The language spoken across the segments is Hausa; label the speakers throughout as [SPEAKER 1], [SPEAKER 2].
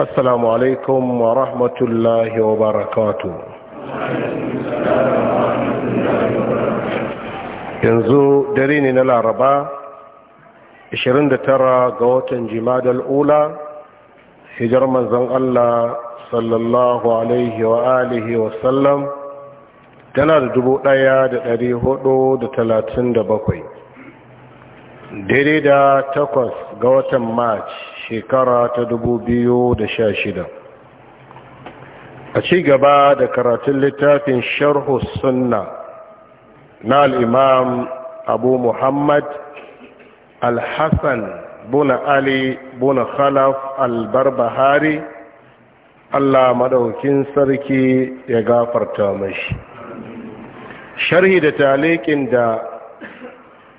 [SPEAKER 1] السلام عليكم ورحمة الله وبركاته yanzu dare ne na laraba 29 ga watan jimadar ula hijar manzan Allah sallallahu tana da dubu ɗaya da ɗari hudu da talatin da bakwai daidai da takwas ga watan march shekara ta dubu biyu da sha shida. a ci gaba da karatun littafin sharhu sunna na al'imam abu muhammad al-hassan buna ali buna khalaf al-barbahari allah madaukin sarki ya gafarta mashi sharhi da talikin da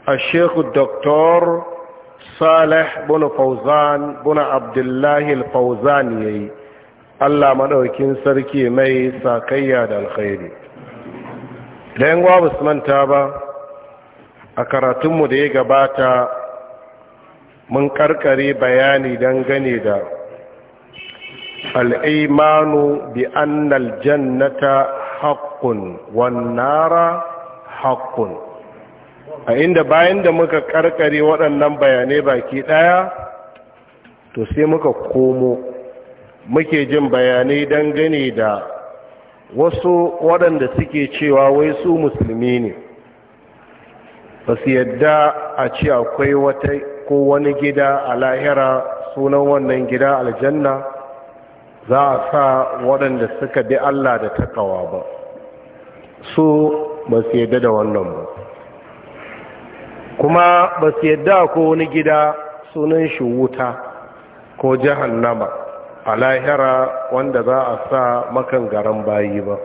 [SPEAKER 1] a shekhu doktor salih bin fauzan bin abdullahi fauzan ya yi allah maɗaukin sarki mai sakayya da alkhairi da yan gwa manta ba a karatunmu da ya gabata mun karkare bayani dangane da al'imanu bi annal jannata haƙƙun wannara haƙƙun a inda bayan da muka karkare waɗannan bayanai baki ɗaya to sai muka komo muke jin bayanai dangane da wasu waɗanda suke cewa wai su musulmi ne ba su yadda a ce akwai wata ko wani gida a lahira sunan wannan gida aljanna za a sa waɗanda suka bi Allah da takawa ba su ba su yadda da wannan ba kuma ba su yadda ko wani gida sunan shi wuta ko jahannama a lahira wanda za a sa makan garan bayi ba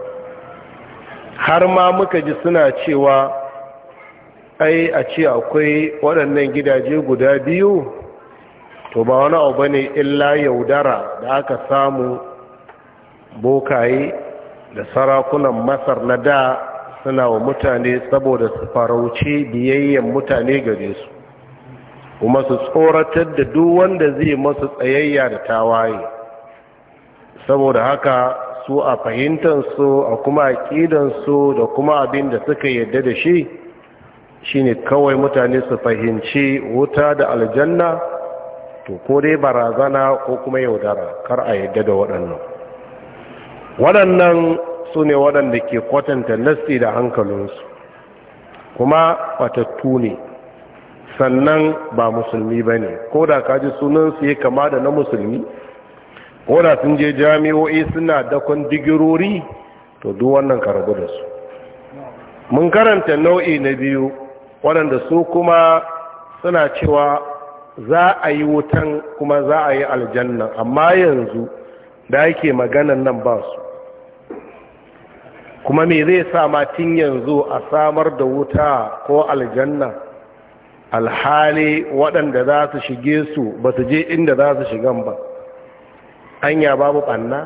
[SPEAKER 1] har ma muka ji suna cewa ai a ce akwai waɗannan gidaje guda biyu to ba wani abu ne illa yaudara da aka samu bokaye da sarakunan masar na da suna wa mutane saboda su farauce biyayyen mutane gare su kuma su tsoratar da duk wanda zai masu tsayayya da tawaye saboda haka su a fahimtansu a kuma su da kuma abin da suka yadda da shi shine kawai mutane su fahimci wuta da aljanna to ko dai barazana ko kuma yaudara kar a yadda da waɗannan waɗannan su ne waɗanda ke kwatanta nasti da hankalinsu kuma batattu ne sannan ba musulmi ba ne ko da kaji sunansu ya kama da na musulmi ko da sun je jami'o'i suna dakon digirori to duk wannan karabu da su mun karanta nau'i na biyu waɗanda su kuma suna cewa za a yi wutan kuma za a yi aljanna amma yanzu da yake maganan nan ba su kuma me zai sa matin yanzu a samar da wuta ko aljanna alhali waɗanda za su shige su ba su je inda za su shigan ba anya babu ɓanna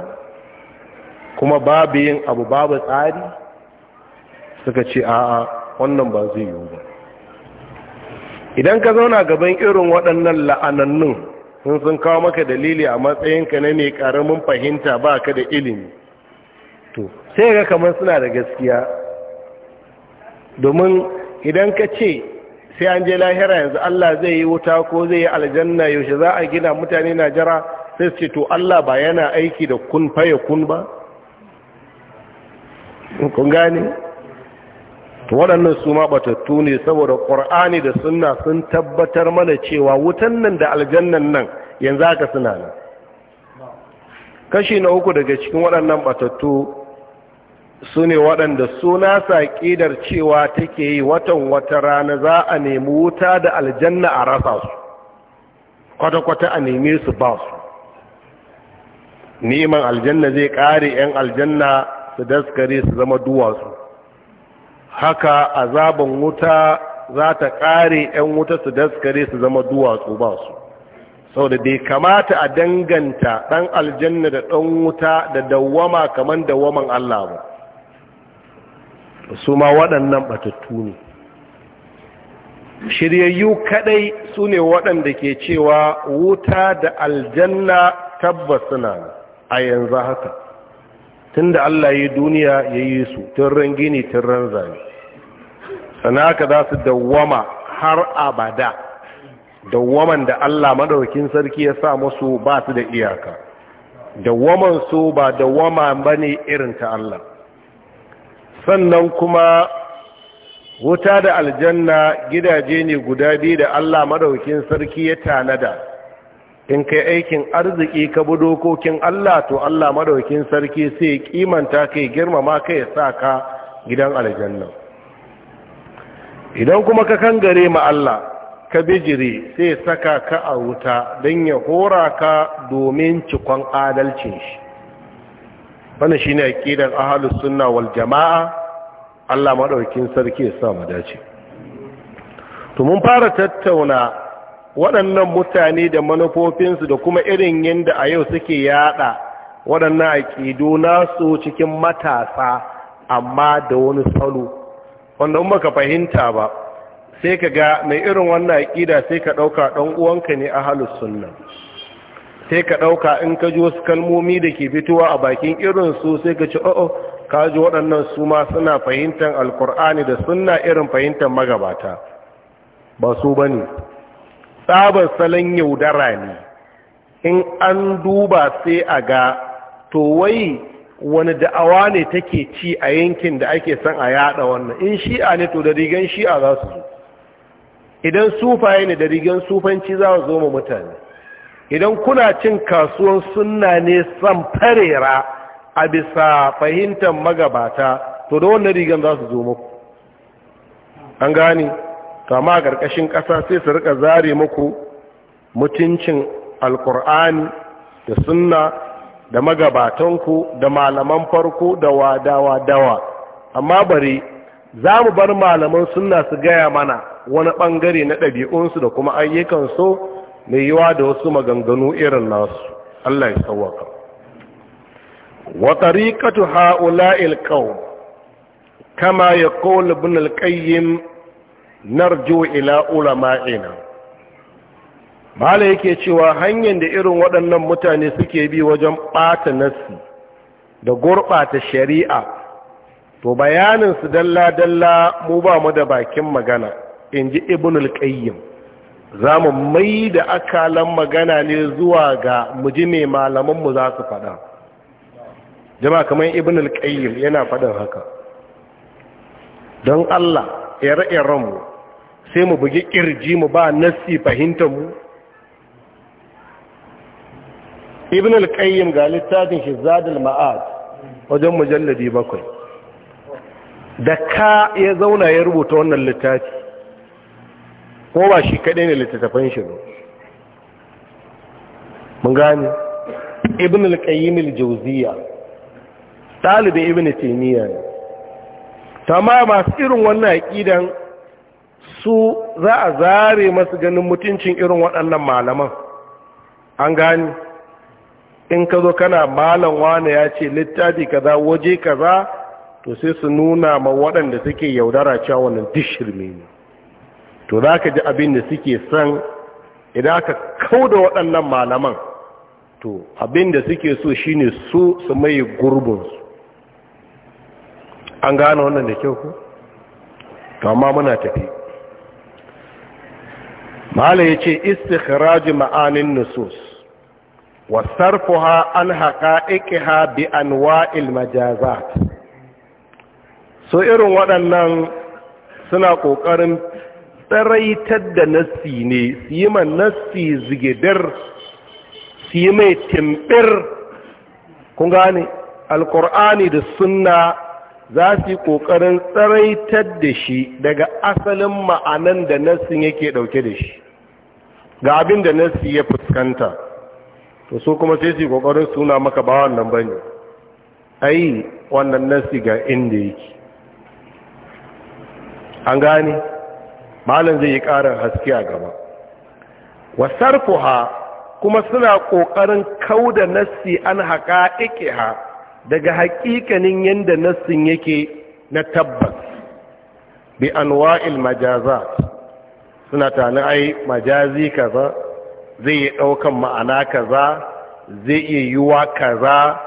[SPEAKER 1] kuma babu yin abu babu tsari suka ce a wannan ba zai yiwu ba idan ka zauna gaban irin waɗannan la'anannun sun sun kawo maka dalili a matsayinka na mai ƙaramin fahimta ba ka da ilimi sai ga kamar suna da gaskiya domin idan ka ce sai an je lahira yanzu Allah zai yi wuta ko zai yi aljanna yaushe za a gina mutane na jira sai su ce to Allah ba yana aiki da kun faye kun ba kun gane waɗannan su ma ne saboda ƙur'ani da suna sun tabbatar mana cewa wutan nan da aljannan nan yanzu aka suna nan kashi na uku daga cikin waɗannan batattu su ne waɗanda suna saƙidar cewa take yi watan wata rana za a nemi wuta da aljanna a rasa su kwata-kwata a neme su ba su neman aljanna zai ƙare 'yan aljanna su daskare su zama duwatsu haka azaban wuta za ta ƙare 'yan wuta su daskare su zama duwatsu ba su sau da dai kamata a danganta ɗan aljanna da ɗan wuta da dawwama kamar dawwaman Allah ba su ma waɗannan batattu ne shiryayyu kaɗai su ne waɗanda ke cewa wuta da aljanna tabbas suna a yanzu haka tun da Allah yi duniya ya yi su tun ran gini tun ran zane sana ka za su dawwama har abada dawwaman da Allah madaukin sarki ya sa musu ba su da iyaka dawwaman su ba dawama bane irin ta Allah sannan kuma wuta da aljanna gidaje ne guda biyu da Allah madaukin sarki ya tanada in kai aikin arziki ka bi dokokin Allah to Allah madaukin sarki sai ya kimanta kai girmama kai ya sa ka gidan aljanna idan kuma ka kangare ma Allah ka bijire sai saka ka a wuta don ya hora ka domin cikon adalcin shi wannan shine aƙidar ahlus sunna wal jamaa Allah maɗaukin sarki ya sa dace to mun fara tattauna waɗannan mutane da manufofinsu da kuma irin yadda a yau suke yaɗa waɗannan aƙidu nasu cikin matasa amma da wani salo wanda in ka fahimta ba sai ka ga mai irin wannan aƙida sai ka ɗauka ɗan uwanka ne a halus sunna sai ka ɗauka in ka ji wasu kalmomi da ke fitowa a bakin irin su sai ka ci o'o oh, oh, ka ji waɗannan su ma suna fahimtar alkur'ani da suna irin fahimtar magabata ba su ba ne tsabar salon yaudara ne in an duba sai a ga to wai wani da'awa ne take ci a yankin da ake son a yada wannan in shi'a ne to da rigan shi'a za su zo idan sufaye ne da rigan sufanci za su zo ma mutane idan kuna cin kasuwan sunna ne san farera a bisa fahimtar magabata to da wannan rigan za su zo muku an gani kama a ƙarƙashin ƙasa sai su rika zare muku mutuncin alkur'ani da sunna da magabatanku da malaman farko da wadawa dawa amma bari za mu bar malaman sunna su gaya mana wani ɓangare na ɗabi'unsu da kuma ayyukansu mai yiwa da wasu maganganu irin nasu Allah ya sauwaka wa tariqatu ha'ula'il qawm kama yaqul ibn al-qayyim narju ila ulama'ina mala yake cewa hanyar da irin waɗannan mutane suke bi wajen ɓata nassi da gurɓata shari'a to bayanin su dalla-dalla mu ba mu da bakin magana inji ji ibn al-qayyim za mu mai da akalan magana ne zuwa ga muji mai malamanmu za su faɗa jama kamar ibn al-qayyim yana faɗin haka don allah ire-irenmu sai mu bugi ƙirji mu ba nassi mu. ibn al-qayyim ga littafin shi zadul ma'ad wajen mujalladi bakwai da ka ya zauna ya rubuta wannan littafi ko ba shi kaɗai ne littattafan shi ba mun gane ibn al-qayyim al-jawziya talibin ibn taymiya ne tamam masu irin wannan aqidan su za a zare masu ganin mutuncin irin waɗannan malaman an gane in ka zo kana malam wane ya ce littafi kaza waje kaza to sai su nuna ma waɗanda suke yaudara cewa wannan duk ne to za ka ji abin da suke son idan aka kau da waɗannan malaman to abin da suke so shine su su mai gurbinsu an gane wannan da kyau ku? to amma muna tafi mala ya ce istikhiraji ma'anin nusus wa sarfuha an haƙa ha bi an anwa'il majazat so irin waɗannan suna ƙoƙarin tsaraitar da nassi ne su yi ma nassi zigidar su yi mai timbir kun gane alkur'ani da sunna za su yi ƙoƙarin tsaraitar da shi daga asalin ma'anan da nassin yake ɗauke da shi ga abin da nassi ya fuskanta to so kuma sai su yi ƙoƙarin suna maka ba wannan ba ne ai wannan nassi ga inda yake an gane malam zai yi ƙarin haske a gaba wasarfuha kuma suna ƙoƙarin kauda nassi an haƙa ha, daga haƙiƙanin yadda nassin yake na tabbas bi anwa'il majazat suna tani ai majazi kaza zai yi ɗaukan ma'ana kaza zai iya yiwa kaza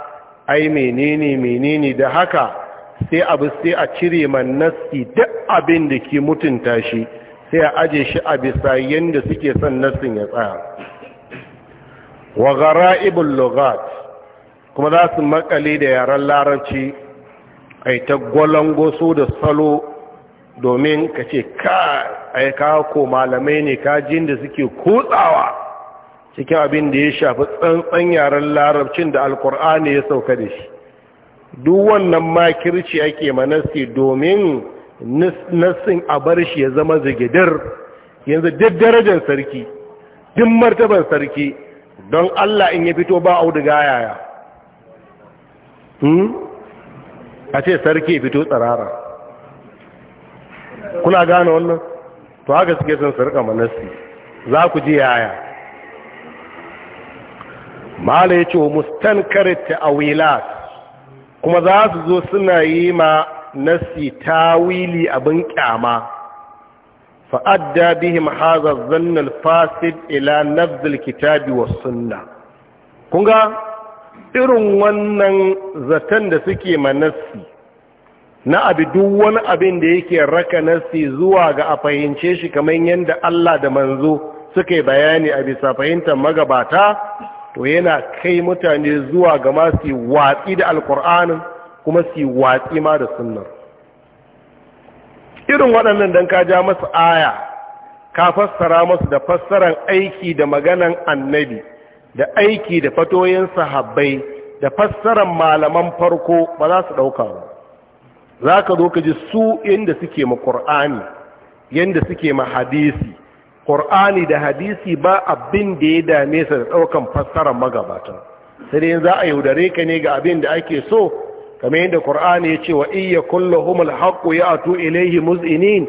[SPEAKER 1] ai menene menene da haka sai abu sai a cire man nassi duk abin da ke mutunta shi sai a aje shi a bisa yadda suke son nassin ya tsaya wa gara'ibul lughat kuma za su makale da yaren larabci yi ta gwalangoso da salo domin ka ce ka ai ko malamai ne ka da suke kutsawa cikin abin da ya shafi tsantsan yaren larabcin da alkur'ani ya sauka da shi duk wannan makirci ake manasi domin nassin a bar shi ya zama zigidar yanzu duk darajar sarki duk martabar sarki don Allah in ya fito ba auduga yaya hmm? a ce sarki ya fito tsarara kuna gane wannan to haka suke son sarka manassi za ku ji yaya mala ya ce mustankar awilat kuma za su zo suna yi ma nasi tawili abin kyama fa'adda bihim haza zannan fasid ila nafzil kitabi wa sunna kunga irin wannan zaton da suke ma nasi na abi duk wani abin da yake raka nasi zuwa ga a fahimce shi kamar yadda Allah da manzo suka yi bayani a bisa fahimtar magabata to yana kai mutane zuwa ga masu watsi da alkur'anin kuma su watsi ma da sunnar irin waɗannan don ka ja masu aya ka fassara masu da fassaran aiki da maganan annabi da aiki da fatoyin sahabbai da fassaran malaman farko ba za su ɗauka ba za ka zo ka ji su inda suke ma ƙur'ani yadda suke ma hadisi ƙur'ani da hadisi ba abin da ya dame sa da ɗaukan fassarar magabata sai dai za a yaudare ka ne ga abin da ake so kamar yadda qur'ani ya ce wa iya kulluhum ya ya'tu ilayhi muz'inin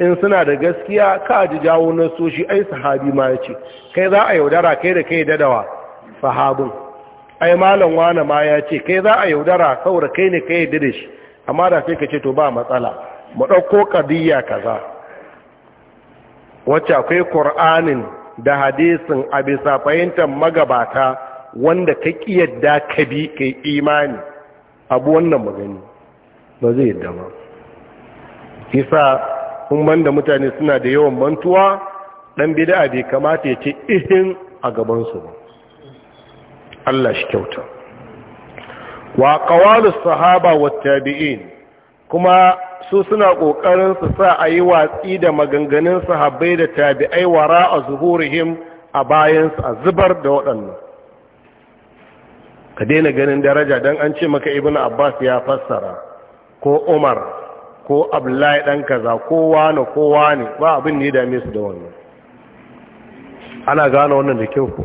[SPEAKER 1] in suna da gaskiya ka ji jawo shi ai sahabi ma ya ce kai za a yaudara kai da kai dadawa sahabun. ai malam wani ma ya kai za a yaudara saboda kai ne kai da shi amma da sai ka ce to ba matsala mu ɗauko kadiyya kaza wacce akwai qur'anin da hadisin a bisa fahimtar magabata wanda ka ƙiyadda ka bi kai imani abu wannan magani ba zai yadda ba isa kun banda mutane suna da yawan mantuwa dan bid'a bai kamata ya ce ihin a gabansu ba Allah shi kyauta wa sahaba wa tabi'in kuma su suna kokarin su sa a yi watsi da maganganun sahabbai da tabi'ai wara a zuhurihim a bayansu a zubar da waɗannan ka daina ganin daraja don an ce maka ibn abbas ya fassara ko umar ko abdullahi dan kaza ko wani ko wani ba abin ne dame su da wannan ana gane wannan da kyau ku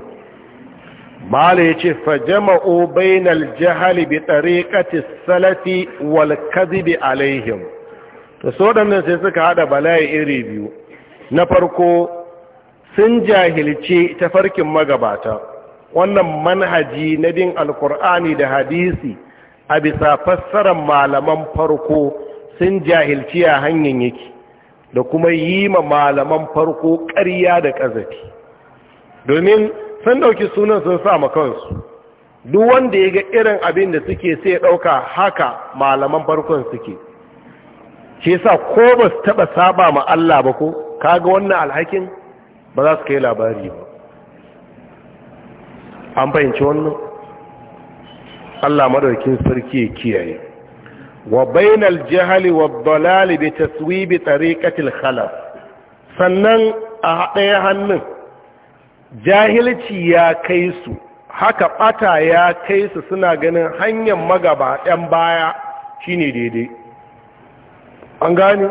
[SPEAKER 1] mala ya ce fajama'u bainal jahali bi tariqati salafi wal kadhibi alaihim to so sai suka hada bala'i iri biyu na farko sun jahilci farkin magabata wannan manhaji na bin alkur'ani da hadisi a bisa fassarar malaman farko sun jahilci a hanyar yake da kuma yi ma malaman farko ƙarya da ƙazafi domin sun ɗauki sunan sun sa kansu duk wanda ya ga irin abin da suke sai ɗauka haka malaman farkon suke ke sa ko ba su taɓa saba ma Allah ba ko kaga wannan alhakin ba za su kai labari ba an fahimci wannan Allah madaukin sarki ya kiyaye wa bainal jahali wa dalali bi taswibi tariqatil khalaf sannan a ɗaya hannun jahilci ya kai su haka bata ya kai su suna ganin hanyar magaba ɗan baya shine daidai an gane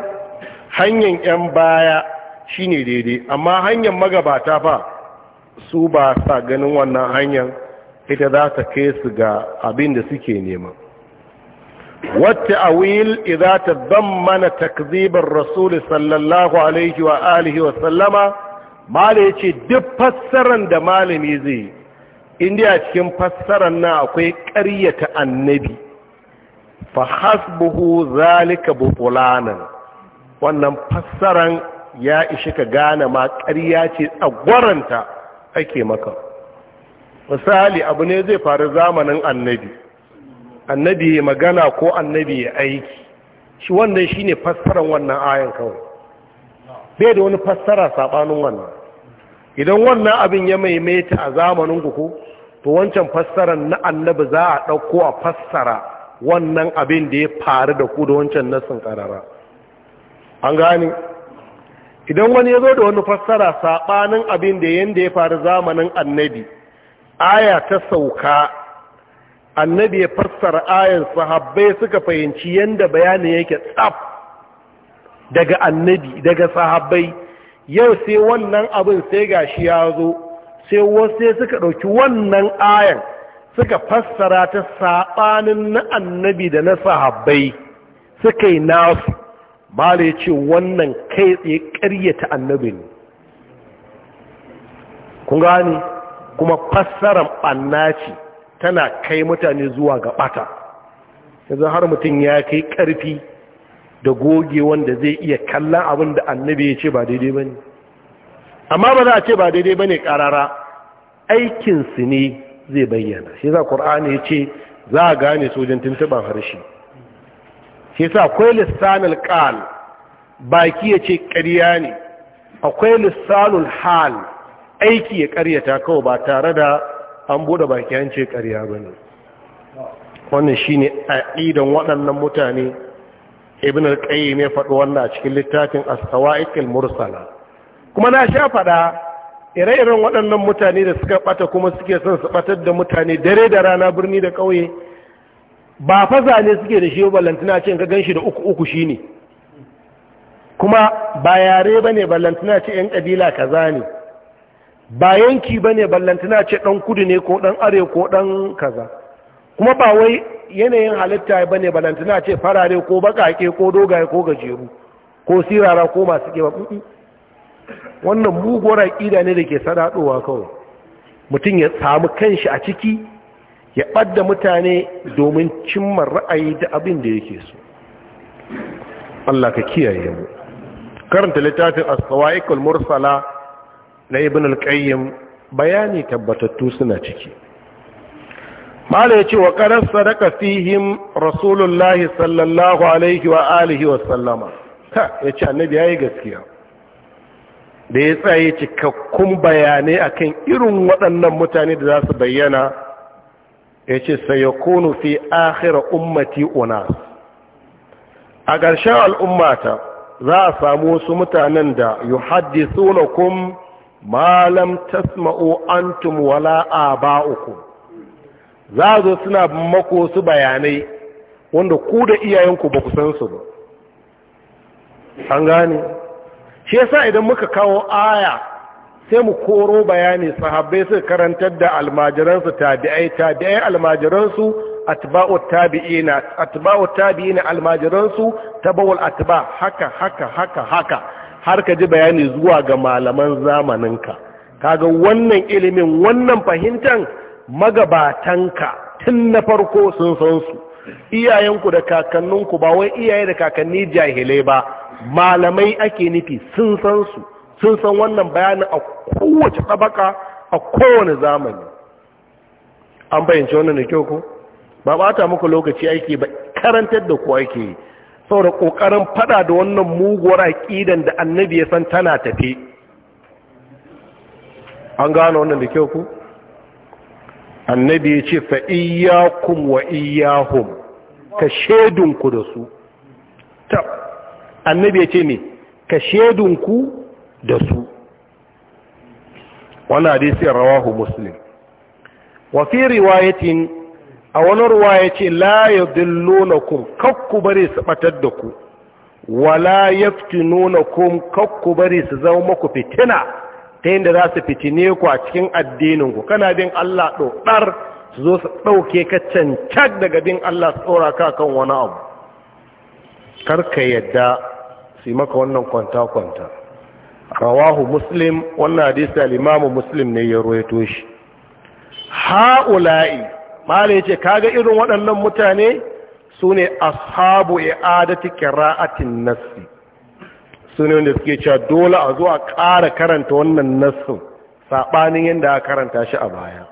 [SPEAKER 1] hanyar 'yan baya shine daidai amma hanyar magabata fa su ba sa ganin wannan hanyar ita za ta kai su ga abin da suke nema wata awil idan idza mana takzibar rasul sallallahu alaihi wa alihi wa sallama mala yace duk fassaran da malami zai indiya cikin fassaran na akwai ƙaryata annabi fa hasbuhu zalika butulanan wannan fassaran ya ishi ka gane ma ƙarya ce tsagwaranta ake maka misali abu ne zai faru zamanin annabi annabi ya magana ko annabi ya aiki shi wannan ne fassarar wannan ayan kawai bai da wani fassara saɓanin wannan idan wannan abin ya maimaita a zamanin guku to wancan fassarar na annabi za a ɗauko a fassara wannan abin da ya faru da ku da wancan nasin ƙarara an gane idan wani ya zo da wani fassara saɓanin abin da yadda ya faru zamanin annabi aya ta sauka annabi ya fassara ayan sahabbai suka fahimci yadda bayanin yake tsaf daga annabi daga sahabbai yau sai wannan abin sai gashi ya zo sai wasu suka ɗauki wannan ayan suka fassara ta saɓanin na annabi da na sahabbai suka yi nasu da ya ce wannan kai tsaye ƙaryata annabi ne kun gane kuma fassarar ɓanna tana kai mutane zuwa ga ɓata yanzu har mutum ya kai ƙarfi da goge wanda zai iya kallon abin da annabi ya ce ba daidai ba ne amma ba za a ce ba daidai ba ne ƙarara aikinsu ne zai bayyana shi za ƙur'ani ya ce za a gane sojan tuntuɓar harshe shi akwai lissanul kal baki ya ce ƙarya ne akwai lissanul hal aiki ya karyata kawai ba tare da an bude baki an ce ƙarya ne. wannan shi ne a aqidan waɗannan mutane ibn al-qayyim ya faɗi wannan a cikin littafin as-sawa'iqil mursala kuma na sha faɗa ire-iren waɗannan mutane da suka ɓata kuma suke son su ɓatar da mutane dare da rana birni da ƙauye ba faza ne suke da shi ballantana ce ka ganshi da uku uku shine kuma ba yare bane ballantana ce yan kabila kaza ne ba yanki bane ballantana ce dan kudu ne ko dan are ko dan kaza kuma ba wai yanayin halitta bane ballantana ce farare ko bakake ko dogaye ko gajeru ko sirara ko masu ba wannan muguwar aƙida ne da ke sadadowa kawai mutum ya samu kanshi a ciki ya ɓadda mutane domin cimma ra'ayi da abin da yake so Allah ka kiyaye mu karanta littafin as-sawa'iqul mursala na ibn al-qayyim bayani tabbatattu suna ciki mala yace wa ƙarar sadaka fihim rasulullahi sallallahu alaihi wa alihi wa sallama ha yace annabi yayi gaskiya da ya tsaye cikakkun bayanai akan irin waɗannan mutane da za su bayyana yace sayakunu fi akhira ummati una, a ƙarshen al'ummata za a samu wasu mutanen da yuhaddithunakum ma lam tasma'u antum wala aba'ukum za zo suna mako su bayanai wanda ku da iyayenku ba ku san su ba an gane shi yasa idan muka kawo aya sai mu koro bayani sahabbai suka karantar da almajiransu tabi'ai tabi'ai almajiransu atba'u tabi'ina atba'u tabi'ina almajiransu tabawul atba haka haka haka haka har ka ji bayani zuwa ga malaman zamaninka kaga wannan ilimin wannan fahimtan magabatanka tun na farko sun san su iyayenku da kakanninku ba wai iyaye da kakanni jahilai ba malamai ake nufi sun san su sun san wannan bayanin a kowace tabaka a kowane zamani an bayyance wannan da kyau ko ba bata muku lokaci aiki ba karantar da ku aiki sau saboda kokarin fada da wannan muguwar aqidan da annabi ya san tana tafe an gano wannan da kyau ku annabi ya ce fa iyyakum wa iyyahum ka shedun ku da su ta annabi ya ce me ka shedun ku da su wannan hadisi rawahu muslim wa fi riwayatin a wani ruwaya ce la kum kakku bari su batar da ku wala kum kakku bari su zama maku fitina ta yadda za su fitine ku a cikin addininku? ku kana bin Allah ɗoɗar su zo su ɗauke ka cancan daga bin Allah su tsora ka kan wani abu karka yadda su yi maka wannan kwanta-kwanta rawahu muslim wannan hadisi al-imamu muslim ne ya rawaito shi ha'ula'i mala yace kaga irin waɗannan mutane sune ashabu i'adati qira'atin nassi sune wanda suke cewa dole a zo a ƙara karanta wannan nassin sabanin yanda aka karanta shi a baya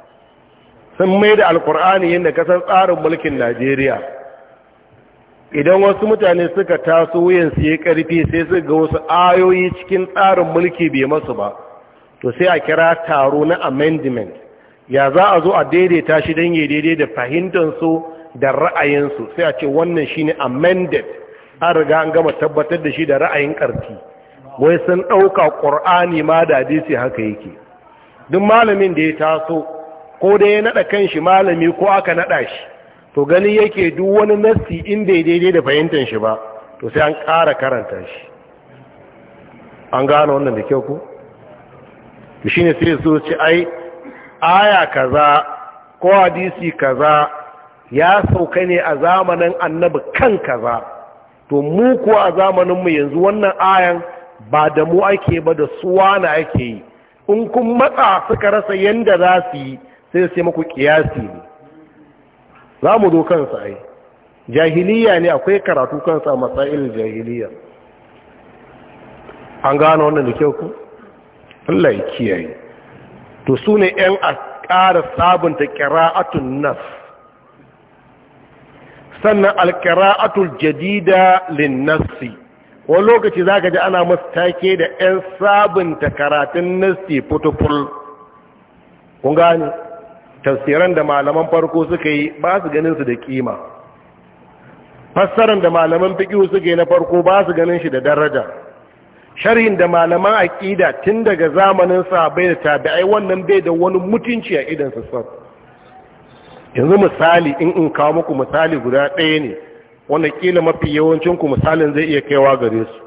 [SPEAKER 1] sun mai da alkur'ani yadda kasar tsarin mulkin najeriya idan wasu mutane suka taso wuyansu ya karfi sai su ga wasu ayoyi cikin tsarin mulki bai masu ba to sai a kira taro na amendment ya za a zo a daidaita shi don yi daidai da fahimtansu da ra'ayinsu sai a ce wannan shi ne amended an riga an gama tabbatar da shi da ra'ayin karfi wai sun ɗauka ƙur'ani ma da hadisi haka yake duk malamin da ya taso ko da ya naɗa kan shi malami ko aka naɗa shi to gani yake duk wani nassi in ya daidai da fahimtar shi ba to sai an ƙara karanta shi an gano wannan da kyau ku to shine sai su ce ai aya kaza ko hadisi kaza ya sauka ne a zamanin annabi kan kaza to mu kuwa a zamanin mu yanzu wannan ayan ba da mu ake ba da suwa suwana ake yi in kun matsa suka rasa yanda za su yi sai su yi muku kiyasi ne za mu zo kansa ai jahiliya ne akwai karatu kansa matsayin jahiliya an gano wannan da kyau ku Allah ya kiyaye to su ne ‘yan a ƙara sabunta ƙira'atun nas sannan alƙira'atul jadida lin nassi wani lokaci za ka ji ana masu take da ‘yan sabunta karatun nassi putuful kun gane tafsiran da malaman farko suka yi ba su ganin su da kima fassaran da malaman fiqh suka yi na farko ba su ganin shi da daraja sharhin da malaman aqida tun daga zamanin sahabbai da tabi'ai wannan bai da wani mutunci a idan su sa yanzu misali in in kawo muku misali guda ɗaya ne wanda ƙila mafi yawancin ku misalin zai iya kaiwa gare su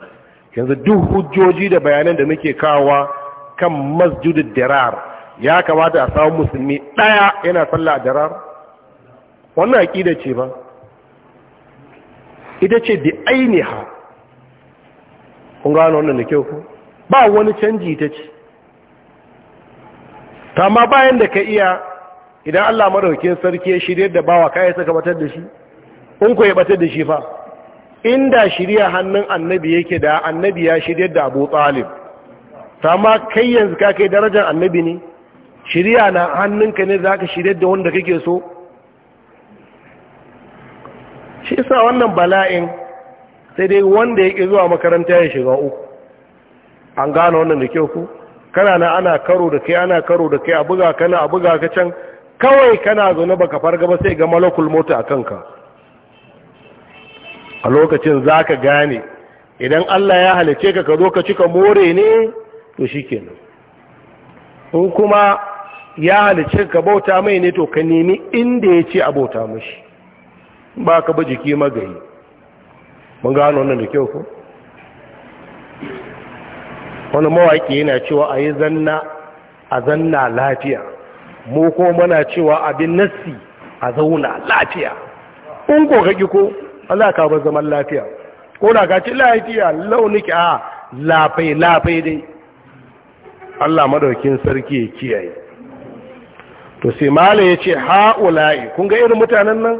[SPEAKER 1] yanzu duk hujjoji da bayanan da muke kawo kan masjidud dirar ya kamata a samu musulmi ɗaya yana sallah a jarar. wannan aƙida ce ba ita ce da ainiha kun gano wannan da kyau ku ba wani canji ta ce ta ma bayan da ka iya idan Allah maraukin sarki ya shirya da bawa yi saka batar da shi in ku ya batar da shi fa inda shirya hannun annabi yake da annabi ya shirya da abu tsalib ta ma kai yanzu ka kai darajar annabi ne shirya na hannunka ne za ka shirya da wanda kake so shi sa wannan bala'in sai dai wanda ya yake zuwa makaranta ya shiga uku an gano wannan da kyau ku kana na ana karo da kai ana karo da kai a buga kana a buga ka can kawai kana zaune baka farga ba sai ga malakul mota a kanka a lokacin za ka gane idan Allah ya halice ka ka zo ka cika more ne to shi kenan in kuma ya halice ka bauta mai ne to ka nemi inda ya ce a bauta mashi ba ka ba jiki magayi mun gano wannan da kyau ko wani mawaƙi yana cewa a yi zanna a zanna lafiya mu ko mana cewa abin nassi a zauna lafiya in ko kaki ko Allah ka bar zaman lafiya ko da ka ci lafiya launiki a lafai lafai dai Allah madaukin sarki ya kiyaye to sai mala ya ce ha'ula'i kun ga irin mutanen nan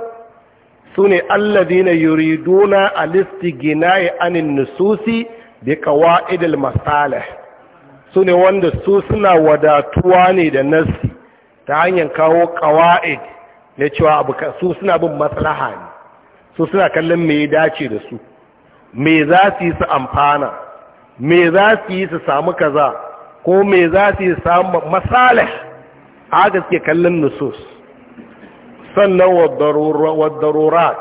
[SPEAKER 1] su ne a yuriduna alistigina'i anin nususi kawa idil masala su ne wanda su suna wadatuwa ne da nassi ta hanyar kawo qawaid na cewa abu su suna bin maslaha ne su suna kallon mai dace da su me za su yi su amfana me za su yi su samu kaza ko me za su yi su samu masalih haka suke kallon nusus sannan wadarurat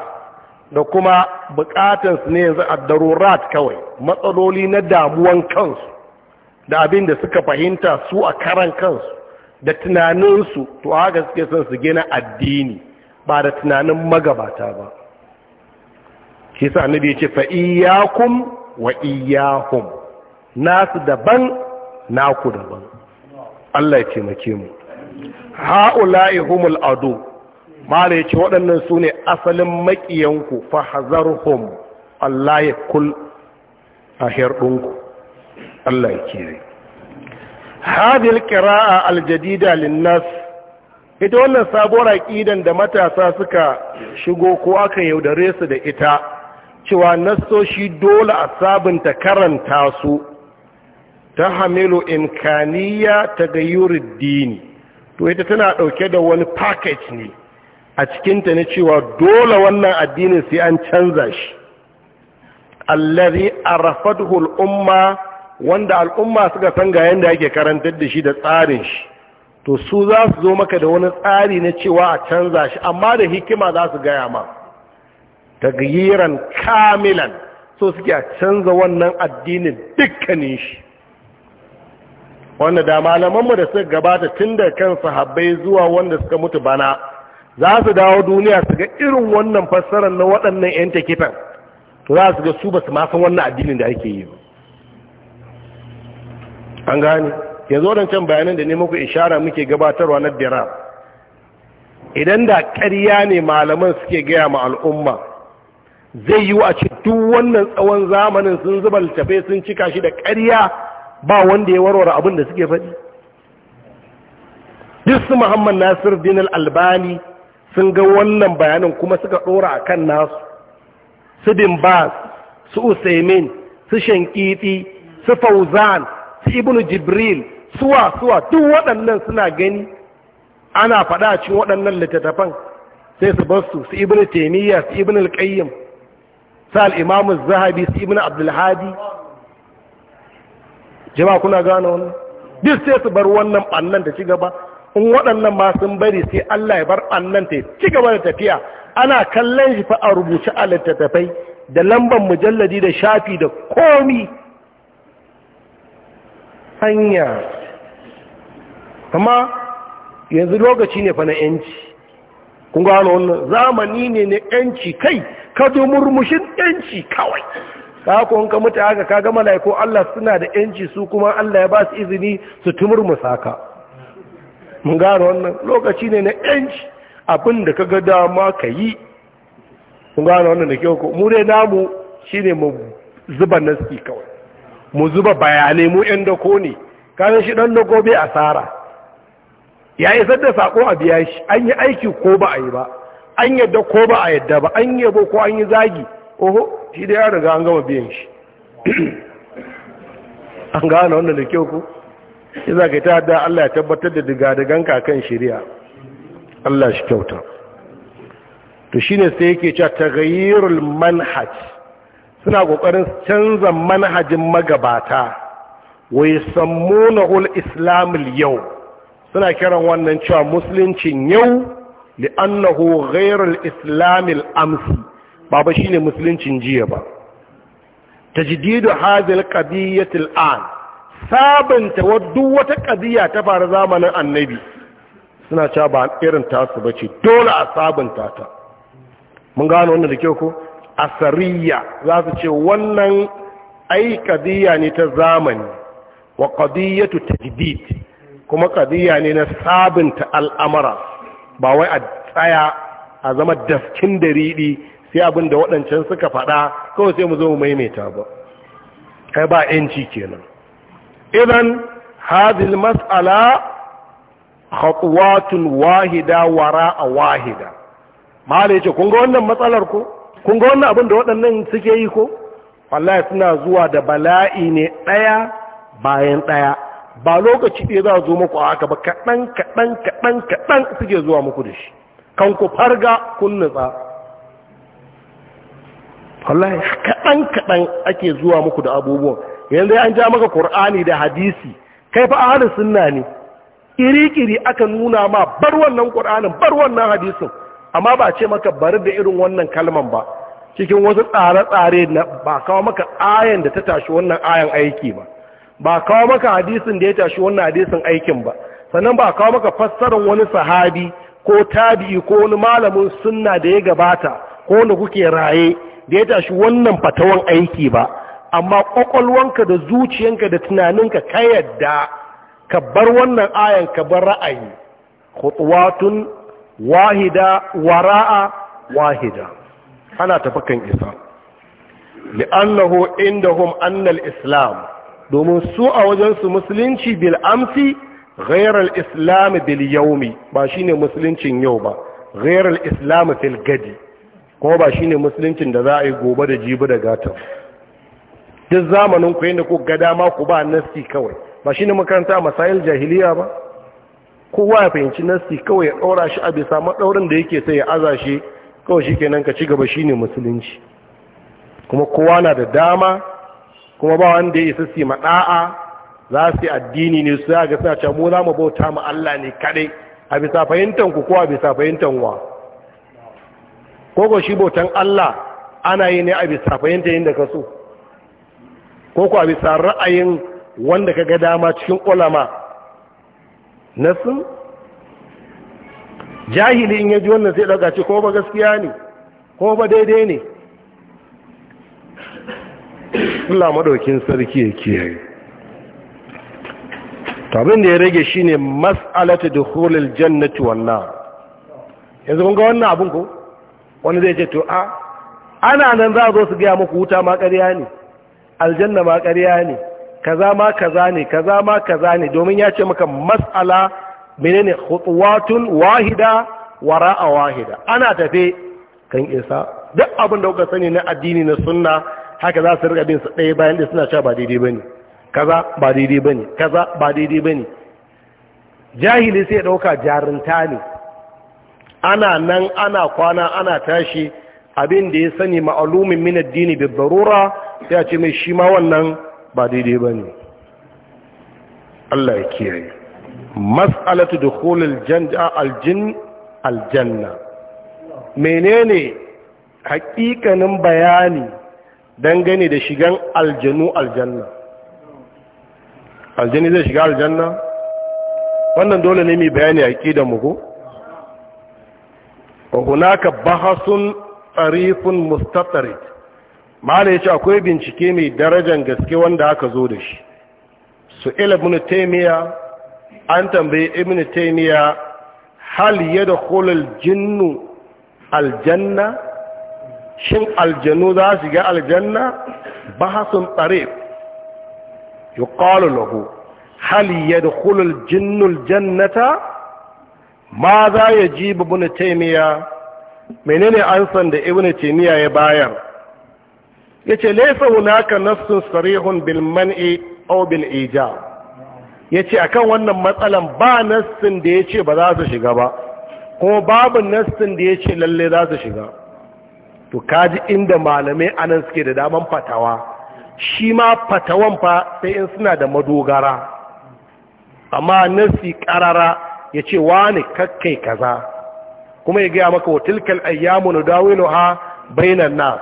[SPEAKER 1] da kuma bukatansu ne yanzu addarurat kawai matsaloli na damuwan kansu da abin da suka fahimta su a karan kansu da tunaninsu to haka suke son su gina addini ba da tunanin magabata ba kisa sa annabi ya ce fa iyyakum wa iyyahum nasu daban naku daban Allah ya taimake mu ha'ula'i humul adu ya ce waɗannan su ne asalin maƙiyanku fa hazar hum Allah ya kul a herdunku Allah ya kere hadil ƙira’a aljadida linnas ita wannan sabuwar aƙidan da matasa suka shigo ko aka yaudare su da ita cewa nassoshi dole a sabunta karanta su ta hamilu Kaniya ta gayyurin dini to ita tana ɗauke da wani package ne a cikinta na cewa dole wannan addinin sai an canza shi allazi arafatuhu umma wanda al'umma suka san ga yanda yake karantar da shi da tsarin shi to su za su zo maka da wani tsari na cewa a canza shi amma da hikima za su gaya ma tagayiran kamilan so suke a canza wannan addinin dukkanin shi wanda da malamanmu da suka gabata tun da kan sahabbai zuwa wanda suka mutu bana za su dawo duniya su ga irin wannan fassarar na waɗannan 'yan takitan to za su ga su ba su ma wannan addinin da ake yi an gane yanzu waɗancan bayanan da ne muku ishara muke gabatarwa na dira idan da ƙarya ne malaman suke gaya ma al'umma zai yi wa a ce duk wannan tsawon zamanin sun zuba littafai sun cika shi da ƙarya ba wanda ya warware abin da suke faɗi duk su muhammad nasir dinar albani sun ga wannan bayanin kuma suka ɗora a kan nasu su dimbas su usaimin su shankiti su fauzan su ibnu jibril suwa suwa duk waɗannan suna gani ana faɗa a cikin waɗannan littattafan sai su basu su ibnu taimiyya su ibnu alƙayyim su al'imamu zahabi su ibnu abdulhadi jama'a kuna gano wannan duk sai su bar wannan ɓannan da ci in waɗannan ma sun bari sai Allah ya bar ɓannan ta ci gaba da tafiya ana kallon shi fa a rubuce a littattafai da lambar mujalladi da shafi da komi hanya amma yanzu lokaci ne fa na yanci kun gano wannan zamani ne na yanci kai ka murmushin yanci kawai ka ko in ka mutu haka ka ga mala'iku Allah suna da yanci su kuma Allah ya ba su izini su tumur musaka. mun gano wannan lokaci ne na yanci abin da ka ga dama ka yi mun gano wannan da kyau ko mu dai namu shine mu zuba naski kawai mu zuba bayanai mu yan dako ne kana shi dan dako bai asara ya isar da sako a biya shi an yi aiki ko ba a yi ba an yadda ko ba a yadda ba an yabo ko an yi zagi oho shi da ya riga an gama biyan shi an gane wannan da kyau ku shi za ka yi ta hada Allah ya tabbatar da da ganka kan shirya Allah shi kyauta to shi ne sai yake cewa gayirul manhaj suna ƙoƙarin canza manhajin magabata wai sammuna ul islamul yau suna kiran wannan cewa musuluncin yau li'annahu ghairul islamil amsi ba ba shine musuluncin jiya ba tajdidu hadhihi an al'an ta duk wata qadiyya ta fara zamanin annabi suna cewa ba irin tasu bace dole a sabanta ta mun gano wannan da kyau ko asariya za su ce wannan ai qadiyya ne ta zamani wa ƙabiyyatu tajdid kuma qadiyya ne na sabinta al'amara ba wai a tsaya a zama daskin da riɗi sai abin da waɗancan suka faɗa kawai sai mu zo mu maimaita ba kai ba yanci kenan idan hadhil mas'ala khatwatun wahida a wahida mala yace kun ga wannan matsalar ko kun ga wannan abin da waɗannan suke yi ko wallahi suna zuwa da bala'i ne ɗaya bayan ɗaya ba lokaci ɗaya za zo muku haka ba kaɗan kaɗan kaɗan kaɗan suke zuwa muku da shi kan ku farga kun nutsa wallahi kaɗan kaɗan ake zuwa muku da abubuwan yanzu an ja maka Kur'ani da hadisi kai fa ahalin sunna ne kiri aka nuna ma bar wannan Kur'anin bar wannan hadisin amma ba ce maka bari da irin wannan kalman ba cikin wasu tsare-tsare na ba kawo maka ayan da ta tashi wannan ayan aiki ba ba kawo maka hadisin da ya tashi wannan hadisin aikin ba sannan ba kawo maka fassarar wani sahabi ko tabi'i ko wani malamin sunna da ya gabata ko wanda kuke raye da ya tashi wannan fatawan aiki ba amma kwakwalwanka da zuciyanka da tunaninka ka yadda ka bar wannan ayan ka bar ra'ayi khutuwatun wahida wara'a wahida ana tafi kan isa li'annahu indahum annal islam domin su a wajensu musulunci bil amsi ghairar islam bil yaumi ba shine musuluncin yau ba ghairar islam fil gadi kuma ba shi ne musuluncin da za a yi gobe da jibi da gatan duk zamanin ku yadda ku gada dama ku ba nasti kawai ba shi ne makaranta masail jahiliya ba kowa ya fahimci nasti kawai ya ɗaura shi a bisa maɗaurin da yake sai ya aza kawai shi kenan ka ci gaba ne musulunci kuma kowa na da dama kuma ba wanda ya isa su maɗa'a za su yi addini ne su ya ga suna mu za mu bauta mu Allah ne kaɗai a bisa fahimtanku ko a bisa fahimtan wa ko shi bautan Allah ana yi ne a bisa fahimta yin da ka so ko ku a bisa ra'ayin wanda ka ga dama cikin ulama sun, jahili in yaji wannan sai ɗauka ce ko ba gaskiya ne ko ba daidai ne Kula maɗaukin sarki ya kiyaye tabin da ya rage shi ne mas'alatu dukhulil jannati wan nar yanzu kun ga wannan abin ko wani zai ce to a ana nan za a zo su gaya muku wuta ma ƙarya ne aljanna ma ƙarya ne kaza ma kaza ne kaza ma kaza ne domin ya ce maka mas'ala menene khutuwatun wahida wara a wahida ana tafe kan isa duk abin da kuka sani na addini na sunna haka za su riga bin su ɗaya bayan da suna cewa ba daidai bane kaza ba daidai bane kaza ba daidai bane jahili sai ya ɗauka jarunta ne ana nan ana kwana ana tashi abin da ya sani ma'alumin min addini bi darura sai a ce mai shi ma wannan ba daidai bane Allah ya kiyaye mas'alatu dukhul aljanna aljin aljanna menene hakikanin bayani dangane da shigan aljanu aljanna aljani zai shiga aljanna wannan dole ne mai bayani a ƙidan mu ko wa hunaka bahasun tsarifin mustatsarit mala ya ce akwai bincike mai darajan gaske wanda aka zo da shi su ila ibn taimiya an tambaye ibn hal ya da jinnu aljanna shin aljanu za su ga aljanna bahasun tsarif yuqalu lahu hal ya da kolal jinnu ma za ya ji ibn taymiya menene ansan da ibn taimiya ya bayar yace laysa hunaka nassun sarihun bilmani man'i aw bil Ya yace akan wannan matsalan ba nastin da ya ce ba za su shiga ba ko babu nastin da ya ce lalle za su shiga to kaji inda malamai anan suke da daman fatawa shi ma fatawan fa sai in suna da madogara amma nassi ƙarara. ya ce wani kakkai kaza kuma ya gaya maka watilkal ayyamu dawilu ha bainan na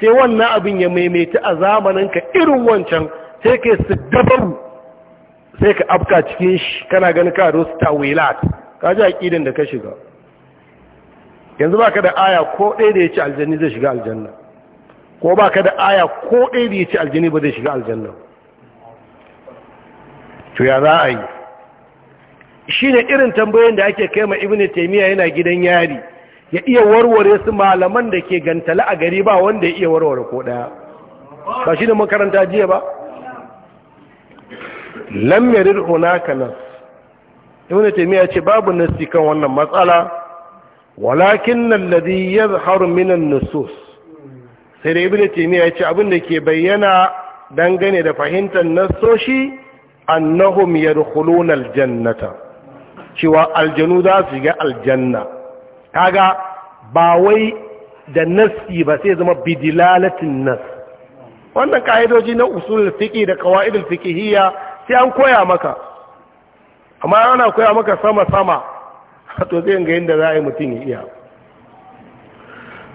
[SPEAKER 1] sai wannan abin ya maimaita a zamanin ka irin wancan sai ka su dabaru sai ka afka cikin shi kana ganin ka da su wilat ka ji aqidan da ka shiga yanzu ba ka da aya ko ɗaya da ya ci aljanni zai shiga aljanna ko ba ka da aya ko ɗaya da ya ci aljanni ba zai shiga aljanna to ya za a yi Shin irin tambayoyin da ake kai ma ibnu taimiyya yana gidan yari ya iya warware su malaman da ke gantala a gari ba wanda ya iya warware ko daya ba shi ne makaranta jiya ba lam yarid hunaka nas ibnu ce babu nasi kan wannan matsala walakin alladhi yadhharu min an-nusus sai da ibnu taymiya ya ce abin da ke bayyana dangane da fahimtar nasoshi annahum yadkhuluna aljannata jannata cewa aljanu za su shiga aljanna kaga ba wai da nasi ba sai zama bidilalatin nas wannan ka'idoji na usul fiqi da qawaidul fiqhiyya sai an koya maka amma ana koya maka sama sama to zai ga inda za a yi mutum ya iya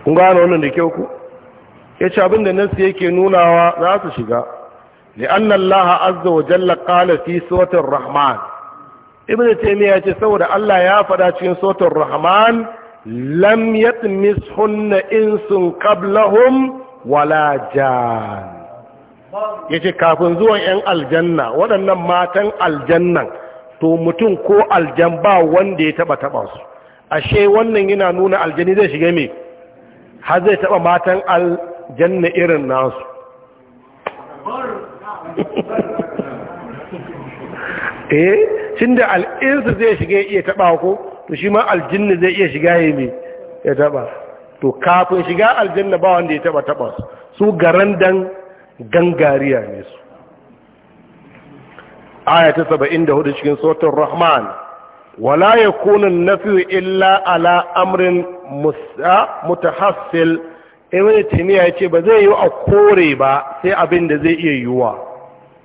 [SPEAKER 1] kun gano wannan da kyau ku ya abin abinda nasi yake nunawa za su shiga li'anna allaha azza wa jalla qala fi suratul rahman ibn taymiya ce saboda Allah ya fada cikin suratul rahman lam yatmishunna insun qablahum wala jan yace kafin zuwan yan aljanna waɗannan matan aljannan to mutum ko aljan ba wanda ya taba taba su ashe wannan yana nuna aljani zai shiga me har zai taba matan aljanna irin nasu eh tunda da al'insu zai shiga iya taɓa ko to shi ma aljinnu zai iya shiga ya mai ya taɓa to kafin shiga aljanna ba wanda ya taɓa taɓa su su garandan gangariya ne su aya ta saba'in da hudu cikin sautin rahman wala ya kunin nafi illa ala amrin ah, mutahassil ibn timiya ya ce ba zai yi a kore ba sai abin da zai iya yiwuwa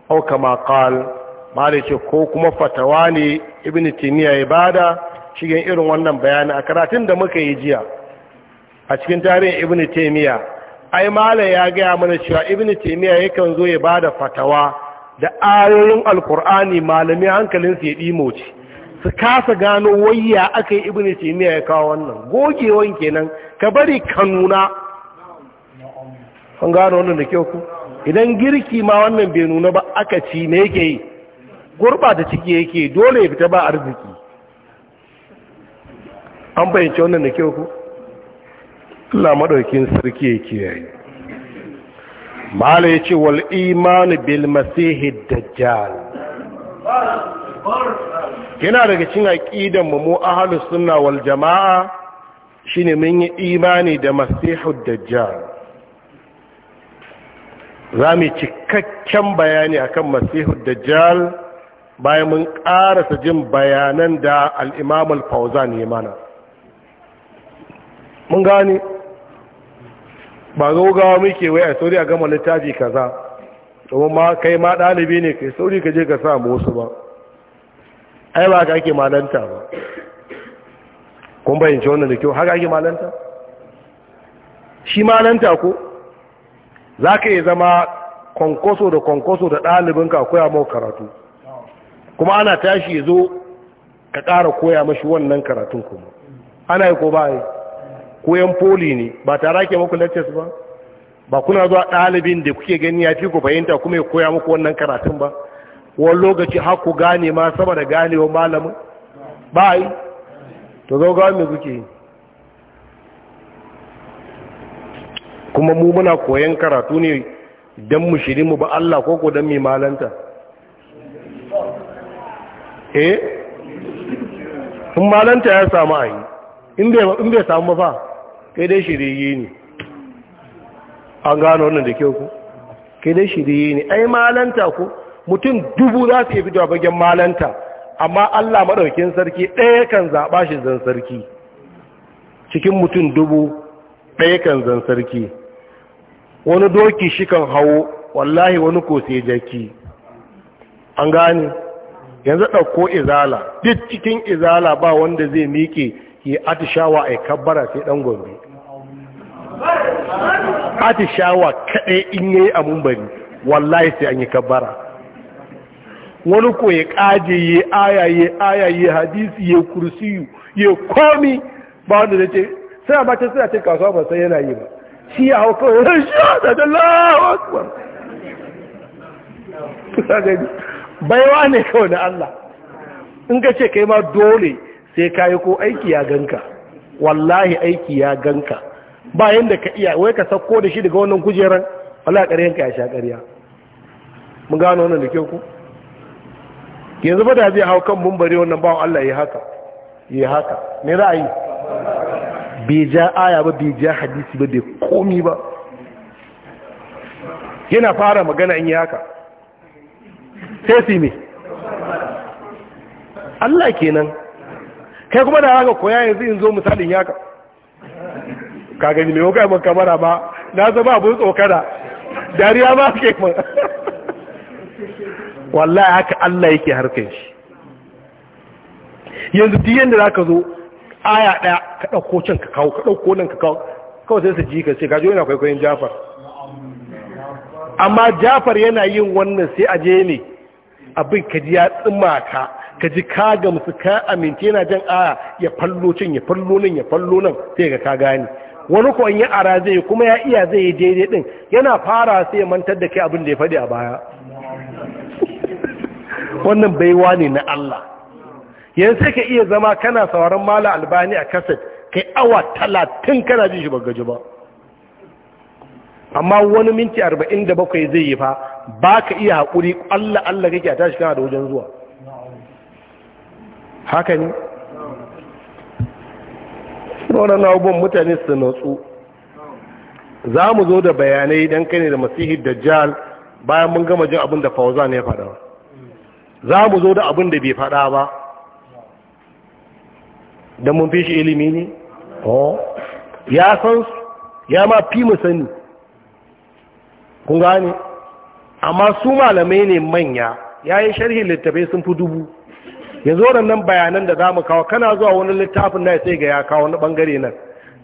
[SPEAKER 1] au kama qala mare ce ko kuma fatawa ne ibn timiya ya bada cikin irin wannan bayani a karatun da muka yi jiya a cikin tarihin ibn timiya ai malai ya gaya mana cewa ibn timiya yakan zo ya bada fatawa da ayoyin alkur'ani malami hankalinsa ya ɗimoci su kasa gano wayya aka yi ibn timiya ya kawo wannan gogewan kenan ka bari kanuna an gano wannan da kyau ku idan girki ma wannan bai nuna ba aka ci ne yake yi da ciki yake dole ya fita ba arziki an bayyance wannan da kyau ku Allah madaukin sarki yake yayi mala yace wal iman bil masih dajjal yana daga cikin aqidan mu mu ahlus sunna wal jamaa shine mun yi imani da masihud dajjal zamu cikakken bayani akan masihu dajjal bayan mun ƙarasa jin bayanan da al'imam al ne mana mun gani ba gawa muke wai a sauri a gama littafi kaza domin ma kai ma ɗalibi ne kai sauri ka je ka samu wasu ba ai ba haka ake malanta ba kun bayanci wannan da kyau haka ake malanta shi malanta ko za ka yi zama kwankwaso da kwankwaso da ɗalibinka akwai a mau karatu kuma ana tashi ya zo ka ƙara koya mashi wannan karatun kuma ana yi ko ba yi koyan poli ne ba tara ke muku lectures ba ba kuna zuwa ɗalibin da kuke gani ya fi ku fahimta kuma ya koya muku wannan karatun ba wani lokaci har ku gane ma sama da ganewa malamin ba yi to zo ga me kuke yi kuma mu muna koyan karatu ne don mu shirin mu ba Allah ko ko don mai malanta eh in malanta ya samu a yi in bai samu ba kai dai shirye ne an gano wannan da kyau ku kai dai shirye ne ai malanta ku mutum dubu za su yi fitowa bagen malanta amma Allah maɗaukin sarki ɗaya kan zaɓa shi zan sarki cikin mutum dubu ɗaya kan zan sarki wani doki shi kan hawo wallahi wani ko sai jaki an gane yanzu ɗauko izala duk cikin izala ba wanda zai miƙe ya atishawa a kabbara sai ɗan gombe atishawa kaɗai in yi a bari wallahi sai an yi kabbara wani ko ya ƙaje ya ayaye ayaye hadisi ya kursi ya komi ba wanda zai ce sai a mace sai a ce kasuwa ba sai yana yi ba shi ya hau kawai shi da da lawa baiwa ne kawai na Allah in ka ce kai ma dole sai ka yi ko aiki ya ganka wallahi aiki ya ganka ba da ka iya wai ka sauko da shi daga wannan kujeran wallahi ƙaryan ka ya sha ƙarya mun gano wannan da ke ku yanzu ba da zai hau kan mumbari wannan bawon Allah ya haka ya haka me ra'ayi bai ja aya ba bai ja hadisi ba bai komi ba yana fara magana in yi haka sai ne Allah kenan kai kuma da haka koya yanzu in zo misalin yaka ka gani mai wakai mun kamara ba na zama abin tsokana dariya ba ke man wallahi haka Allah yake harkar shi yanzu duk yanda zaka zo aya ɗaya ka ɗauko can ka kawo ka ɗauko nan ka kawo kawai sai su ji ka ce ka je yana kwaikwayon Jafar amma Jafar yana yin wannan sai a je ne abin ka ji ya tsima ka ka ji ka gamsu ka amince yana jan aya ya fallo cin ya fallo nan ya fallo nan sai ga ka gane wani kuwa ya ara zai kuma ya iya zai yi daidai din yana fara sai ya mantar da kai abin da ya faɗi a baya wannan baiwa ne na Allah yanzu sai ka iya zama kana sauran mala albani a kasar kai awa talatin kana ji shi bagaji ba amma wani minti arba'in da bakwai zai yi fa ba ka iya haƙuri allah allah kake a tashi kana da wajen zuwa haka ne wani abubuwan mutane su natsu za mu zo da bayanai don kai ne da masihi dajjal bayan mun gama jin abin da ne ya ba za mu zo da abin da bai faɗa ba don mun fi shi ilimi ne oh. ya san su ya ma fi mu sani kun gane amma su malamai ne manya yi sharhi littafai sun fi dubu yanzu waɗannan bayanan da zamu kawo kana zuwa wani littafin na sai ga ya kawo na bangare nan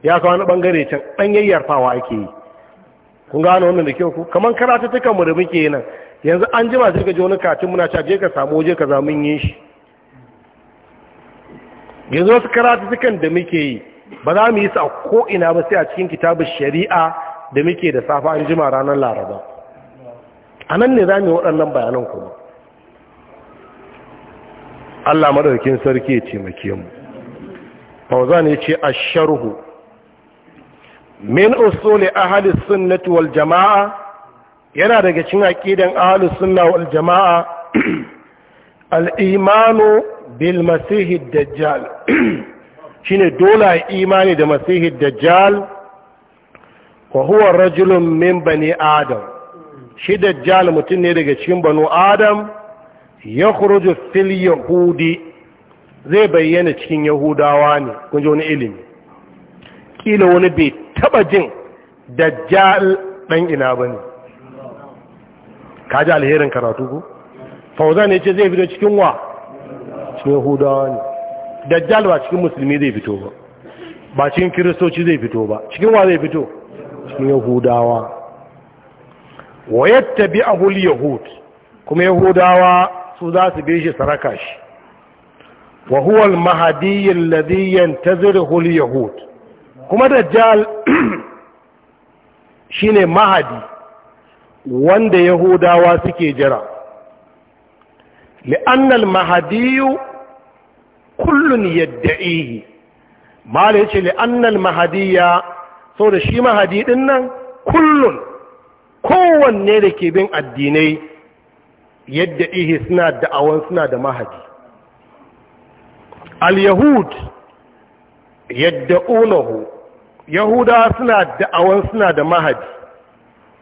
[SPEAKER 1] ya kawo na bangare can dan yayyarfawa ake yi kun gane wannan da kyau ku kaman karatu tukan mu da muke nan yanzu an jima sai ka ji wani katin muna cewa je ka samu waje ka za mun yi shi yanzu wasu karatu tukan da muke yi ba za mu yi su a ko ina ba sai a cikin kitabun shari'a da muke da safa an jima ranar laraba a nan ne za mu waɗannan bayanan kuma allah madaukin sarki ya taimake mu fauzan ya ce a sharhu min usuli ahli sunnati wal jama'a yana daga cikin aqidan ahli sunna wal jama'a al imanu bil masih dajjal shine dole imani da masih dajjal wa huwa rajulun min bani adam shi dajjal mutum ne daga cikin banu adam ya khuruju fil yahudi zai bayyana cikin yahudawa ne kun ji wani ilimi kila wani bai taba jin dajjal dan ina bane ji alherin karatu ko fauza ne ce zai fito cikin wa cikin yahudawa ne dajjal ba cikin musulmi zai fito ba ba cikin kiristoci zai fito ba cikin wa zai fito cikin yahudawa wa yattabi ahul yahud kuma yahudawa su za su bi shi saraka shi wa huwa al-mahdi alladhi yantaziruhu yahud kuma dajjal shine mahadi wanda yahudawa suke jira li'anna al-mahdi kullun yad'ihi mala yace ce al Mahadiyya. da shi mahadi nan kullun kowanne da ke bin addinai yadda ihe suna da'awan suna da mahadi al-yahud yadda unahu yahuda suna da'awan suna da mahadi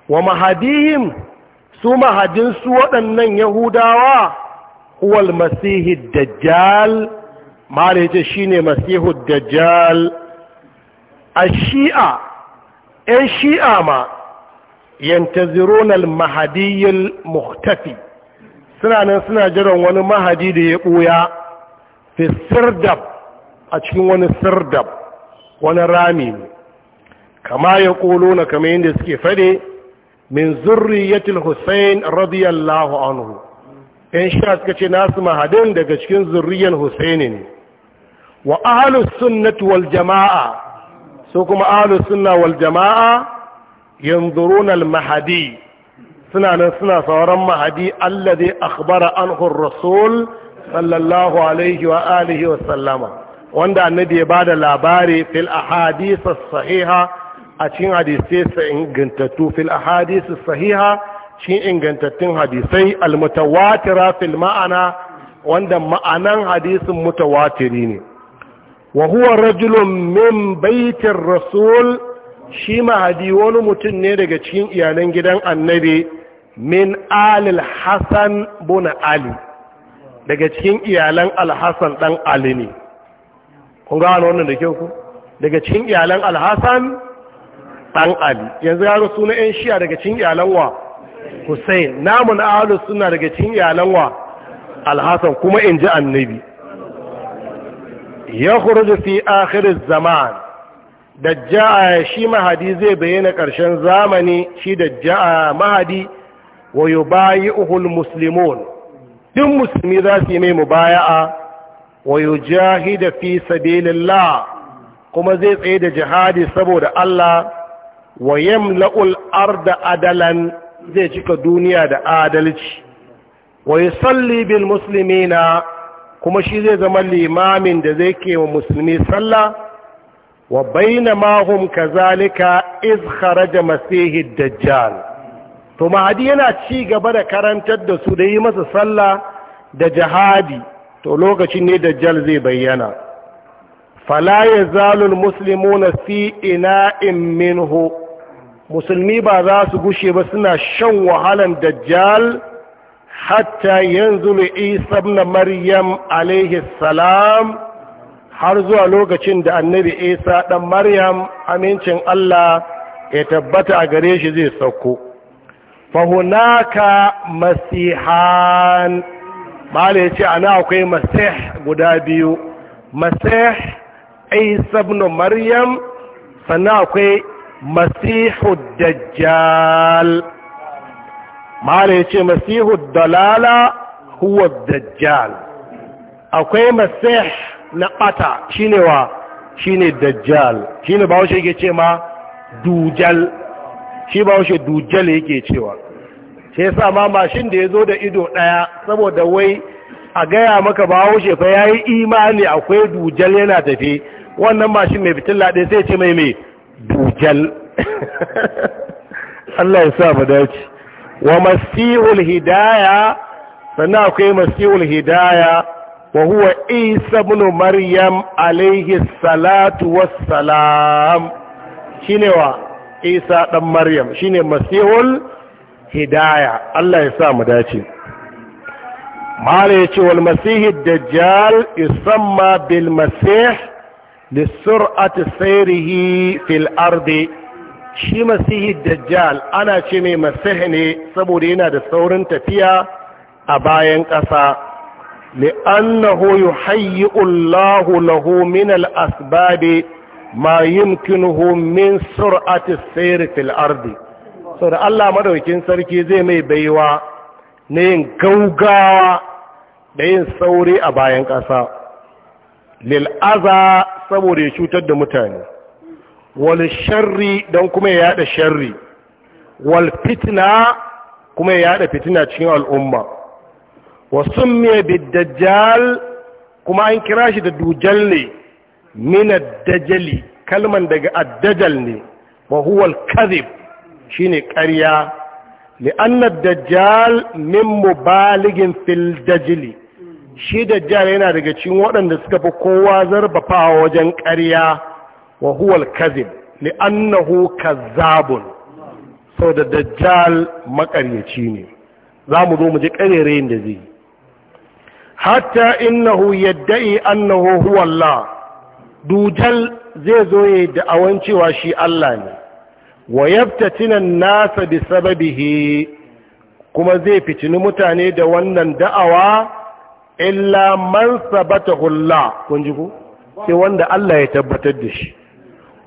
[SPEAKER 1] wa mahadihim su mahadinsu waɗannan yahudawa huwal masihid dajjal mara yace shine masihud dajjal a shi'a ‘yan shi'a ma yantazironal mahadiyyar muhtafi suna nan suna jiran wani mahadi da ya ɓuya fi sirdab a cikin wani sirdab wani rami kama ya ƙolo na kama suke fade min zurriyatul hussein radiyallahu anhu ‘yan shi'a suka ce nasu mahadin daga cikin zurriyar hussein ne wa ahalus sunnatu wal jama'a su kuma ahlus sunna wal jama'a yanzuruna al mahadi suna nan suna sauran mahadi allazi akhbara anhu rasul sallallahu alaihi wa alihi wa sallama wanda annabi ya da labari fil ahadith as-sahiha a cikin hadisai sa ingantattu fil ahadith as-sahiha cikin ingantattun hadisai al fil ma'ana wanda ma'anan hadisin mutawatiri ne wa huwa rajulun min baitin rasul shi mahadi wani mutum ne daga cikin iyalan gidan annabi min alil hasan buna ali daga cikin iyalan alhassan dan ali ne kun gano wannan da kyau ku daga cikin iyalan alhassan dan ali yanzu gano suna yan shiya daga cikin iyalan wa hussein namun ahalus suna daga cikin iyalan wa alhassan kuma in ji annabi ya fi akhirin zaman dajja'a shi mahadi zai bayyana ƙarshen zamani shi dajja'a mahadi wa yi bayi uhul musulmun duk musulmi za su yi mai mubaya'a wa yi jahida fi sabilillah kuma zai tsaye da jihadi saboda Allah wa yamla'ul arda adalan zai cika duniya da adalci wa yi salli bil musulmina kuma shi zai zama limamin da zai ke wa musulmi sallah wa bayna mahum kazalika iz kharaja masihi dajjal to mahadi yana ci gaba da karantar da su da yi masa sallah da jihadi to lokacin ne dajjal zai bayyana fala yazalu almuslimuna fi ina'in minhu musulmi ba za su gushe ba suna shan wahalan dajjal hatta yanzu عيسى ابن maryam عليه السلام har zuwa lokacin da annabi isa ɗan maryam amincin allah ya tabbata a gare shi zai sauko fahunaka masihan mala ya ce ana akwai masih guda biyu masih isa na maryam sannan akwai Masihu dajjal mala ya ce masihu dalala huwa dajjal akwai masih na bata shine wa shine dajjal shine ba washe yake ce ma dujal shi ba washe dujal yake cewa sai sa ma mashin da ya zo da ido ɗaya saboda wai a gaya maka ba haushe fa ya yi imani akwai dujal yana tafi wannan mashin mai fitilla ɗaya sai ce mai mai dujal Allah ya sa mu dace ومسيح الهداية سنة أوكي مسيح الهداية وهو عيسى بن مريم عليه الصلاة والسلام شنو عيسى بن مريم شنو مسيح الهداية الله يسامح داتي مالك والمسيح الدجال يسمى بالمسيح لسرعة سيره في الأرض shi masihi dajjal ana ce mai masihi ne saboda yana da saurin tafiya a bayan ƙasa li'annahu yuhayyi'u Allahu lahu min al ma yumkinuhu min sur'ati sayr fil ardi saboda Allah madaukin sarki zai mai baiwa na yin gaugawa da yin sauri a bayan ƙasa lil'aza saboda ya cutar da mutane wal sharri don kuma ya yada sharri wal fitna kuma ya yada fitina cikin al'umma wa summiya bid dajjal kuma an kira shi da dujal ne min ad-dajali kalman daga ad-dajal ne wa huwa al-kadhib shine ƙarya li anna ad-dajjal min mubaligin fil dajli shi dajjal yana daga cikin waɗanda suka fi kowa zarbafawa wajen ƙarya wa huwa al-kadhib li'annahu kazzabun saboda dajjal makaryaci ne zamu zo mu ji karerayin da zai hatta innahu yadda'i annahu huwa Allah dujal zai zo ya da'awan cewa shi Allah ne wa yabtatina an-nasa bi sababihi kuma zai fitini mutane da wannan da'awa illa man sabatahu Allah kun ji ku sai wanda Allah ya tabbatar da shi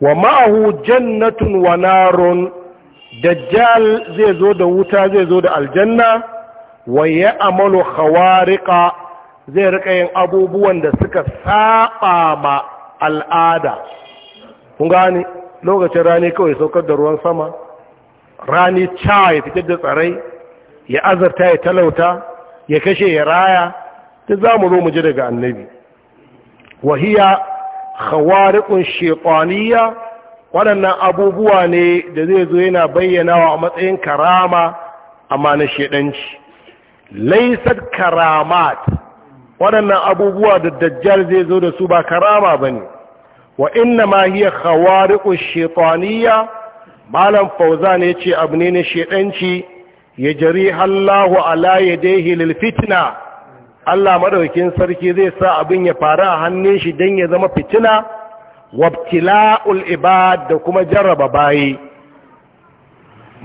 [SPEAKER 1] wa ma'ahu jannatun wa narun dajjal zai zo da wuta zai zo da aljanna wa ya amalu khawariqa zai rika yin abubuwan da suka saba ma al'ada kun gane lokacin rani kawai saukar da ruwan sama rani ca ya fitar da tsarai ya azarta ya talauta ya kashe ya raya ta za mu zo mu ji daga annabi wahiya khawariƙun shaytaniya waɗannan abubuwa ne da zai zo yana bayyanawa a matsayin karama amma na shedanci laysat karamat waɗannan abubuwa da dajjal zai zo da su ba karama bane wa inna ma hiya khawariqun shaytaniya malam fauzan yace abu ne na shedanci ya jari Allahu ala yadayhi lil fitna Allah maɗaukin sarki zai sa abin ya faru a hannun shi don ya zama fitina wabtila'ul ibad da kuma jarraba bayi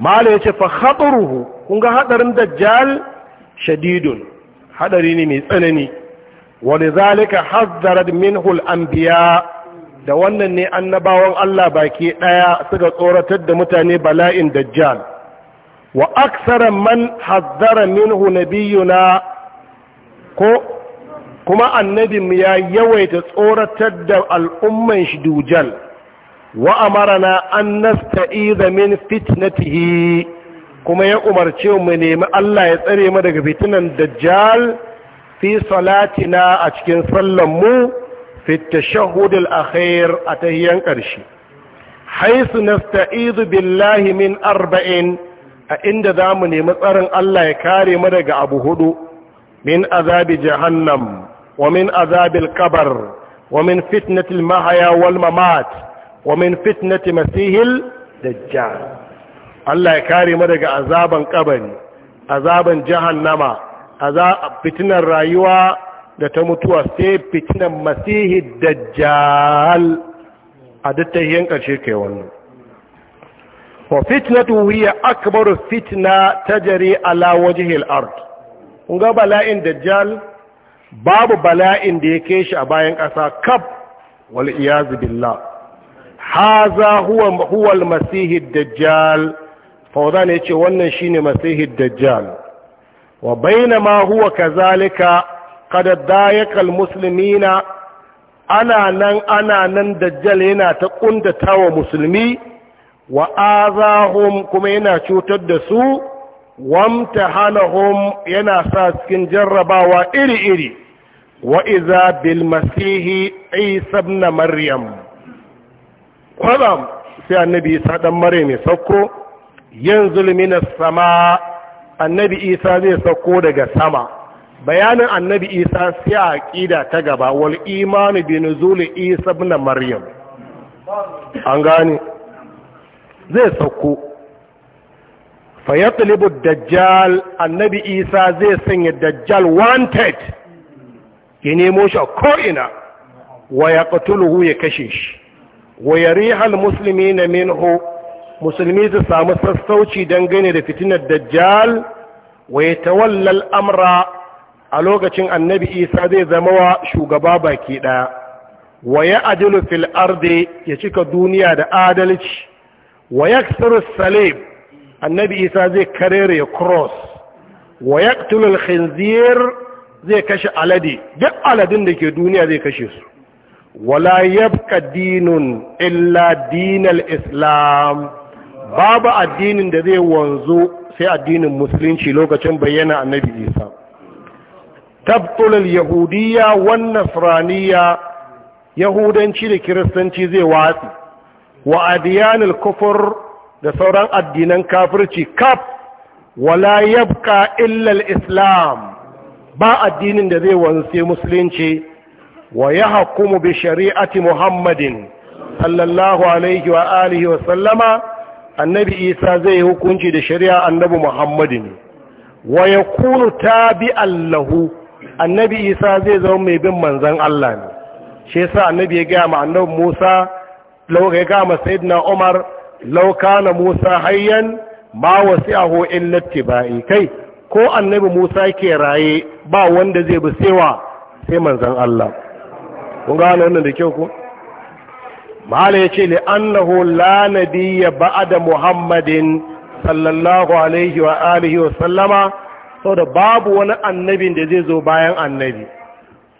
[SPEAKER 1] mala yace fa khataruhu kun ga haɗarin dajjal shadidun Haɗari ne mai tsanani walizalika hazzarat minhu an biya? da wannan ne annabawan Allah baki ɗaya suka tsoratar da mutane bala'in dajjal wa aksara man hazzara minhu nabiyuna ko kuma annabin ya yawaita tsoratar da al'umman shi dujal wa amarana an nasta'iza min fitnatihi kuma ya umarce mu nemi Allah ya tsare mu daga fitinan dajjal fi salatina a cikin sallan mu fi tashahhud a tahiyan ƙarshe haisu nasta'izu billahi min arba'in a inda zamu nemi tsarin Allah ya kare mu daga abu hudu min azabi jahannam wa min azabil kabar wa min fitnatil mahaya mamat wa min fitnati masihil dajjal Allah ya kare mu daga azaban kabari azaban jahannama azab fitinar rayuwa da ta mutuwa sai fitinar masihid dajjal a dattahiyan karshe kai wannan wa fitnatu hiya akbaru ta tajri ala wajhi al kun ga bala'in dajjal babu bala'in da ya kai shi a bayan ƙasa kaf wal iyazu billah haza huwa huwa al-masih ad-dajjal fawzan yace wannan shine masih ad-dajjal wa bainama huwa kazalika qad dayaqa al ana nan ana nan dajjal yana ta kundatawa musulmi wa azahum kuma yana cutar da su hom yana sa cikin jarrabawa iri-iri wa iza bil masihi isa maryam kwalam sai annabi isa dan maryam ya sauko yanzu lumina sama annabi isa zai sauko daga sama bayanin annabi isa sai a aqida ta gaba wal imanu bi nuzuli isa ibn maryam an gane zai sauko fa ya dajjal annabi isa zai sanya dajjal wanted ya nemo shi a ko'ina wa ya ƙatuluhu ya kashe shi wa ya rihal musulmi na minhu musulmi su samu sassauci dangane da fitinar dajjal wa ya tawallal amra a lokacin annabi isa zai zama wa shugaba baki ɗaya wa ya adilu fil arde ya cika duniya da adalci wa ya salib annabi isa zai karere ya cross wa yaqtulul khinzir zai kashe alade duk aladin da ke duniya zai kashe su wala yabqa dinun illa dinal islam babu addinin da zai wanzu sai addinin musulunci lokacin bayyana annabi isa tabtulul yahudiyya wan nasraniyya yahudanci da kiristanci zai watsi wa adiyanul kufur da sauran addinan kafirci kaf wala yabqa illa islam ba addinin da zai wanse musulunci wa yahkumu bi shari'ati muhammadin sallallahu alaihi wa alihi wa sallama annabi isa zai hukunci da shari'a annabi muhammadin wa yakunu tabi'an lahu annabi isa zai zama mai bin manzon Allah ne shi yasa annabi ya ga ma annabi Musa lawa ga ma sayyidina Umar Lauka kana musa hayyan ma aho in tibai kai ko annabi musa ke raye ba wanda zai bi sewa sai manzan Allah kun gane wannan da kyau ko mala yace li annahu la nabiyya ba'da muhammadin sallallahu alaihi wa alihi wa sallama saboda babu wani annabi da zai zo bayan annabi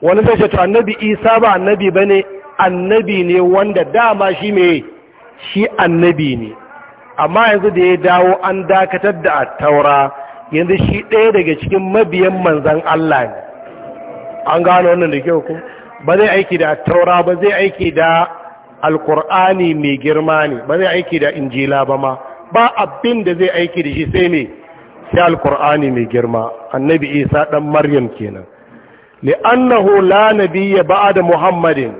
[SPEAKER 1] wani sai ce to annabi isa ba annabi bane annabi ne wanda dama shi mai shi annabi ne amma yanzu da ya dawo an dakatar da taura yanzu shi ɗaya daga cikin mabiyan manzan Allah ne an gano wannan da kyau ku ba zai aiki da taura ba zai aiki da alkur'ani mai girma ne ba zai aiki da injila ba ma ba abin da zai aiki da shi sai ne sai alkur'ani mai girma annabi isa ɗan maryam kenan li'annahu la nabiyya ba'da muhammadin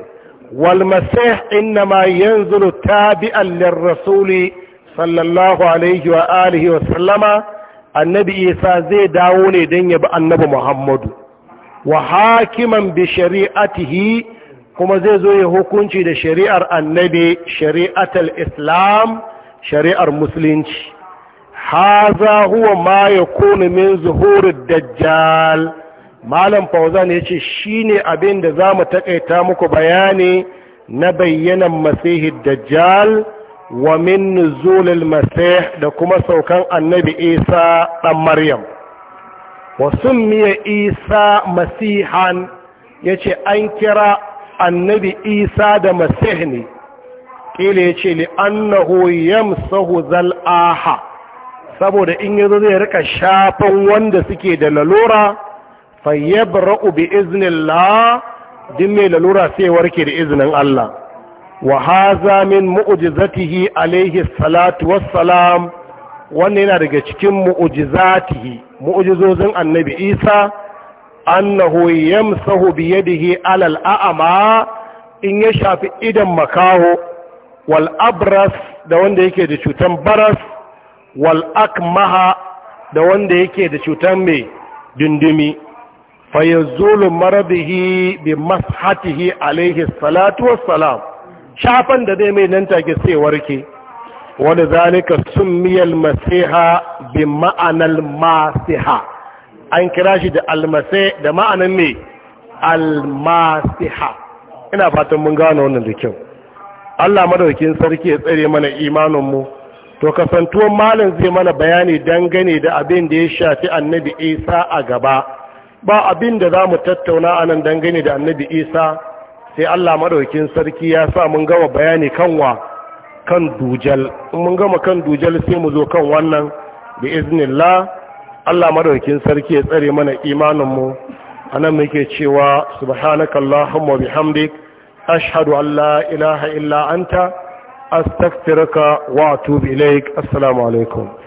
[SPEAKER 1] والمسيح إنما ينزل تابعا للرسول صلى الله عليه وآله وسلم النبي إيسا زي داوني دين يبقى النبي محمد وحاكما بشريعته كما زي زي هكونشي دا شريعة النبي شريعة الإسلام شريعة المسلمين هذا هو ما يكون من ظهور الدجال malam fauzan ya ce shi ne abin da za mu taƙaita muku bayani na bayyanan masihi dajjal wa min nuzulil masih da kuma saukan annabi isa ɗan maryam wa miya isa masihan ya ce an kira annabi isa da masih ne ƙila ya ce li'annahu yamsahu zal'aha saboda in yanzu zai rika shafan wanda suke da lalura ra'u bi iznillah din mai lalura sai warke da izinin Allah wa haza min mu'jizatihi alaihi salatu wassalam wannan yana daga cikin mu'jizatihi mu'jizozin annabi Isa annahu yamsahu bi yadihi alal a'ma in ya shafi idan makaho wal abras da wanda yake da cutan baras wal akmaha da wanda yake da cutan mai dindimi fayyazulu maradihi bi mashatihi alaihi salatu wassalam shafan da zai mai nan take sai warke wani zalika summiyal masiha bi ma'anal masiha an kira shi da almasai da ma'anan ne almasiha ina fatan mun gano wannan da kyau Allah madaukin sarki ya tsare mana imaninmu to kasantuwan malam zai mana bayani dangane da abin da ya shafi annabi isa a gaba ba abin da za mu tattauna a nan dangane da annabi isa sai allah maɗaukin sarki ya sa mun gama bayani kanwa kan dujal mun gama kan dujal sai mu zo kan wannan da iznillah allah maɗaukin sarki ya tsare mana imaninmu a nan muke cewa subhanakallahumma bihamdik ashhadu an ilaha illa anta astaghfiruka wa atubu ilaik assalamu alaikum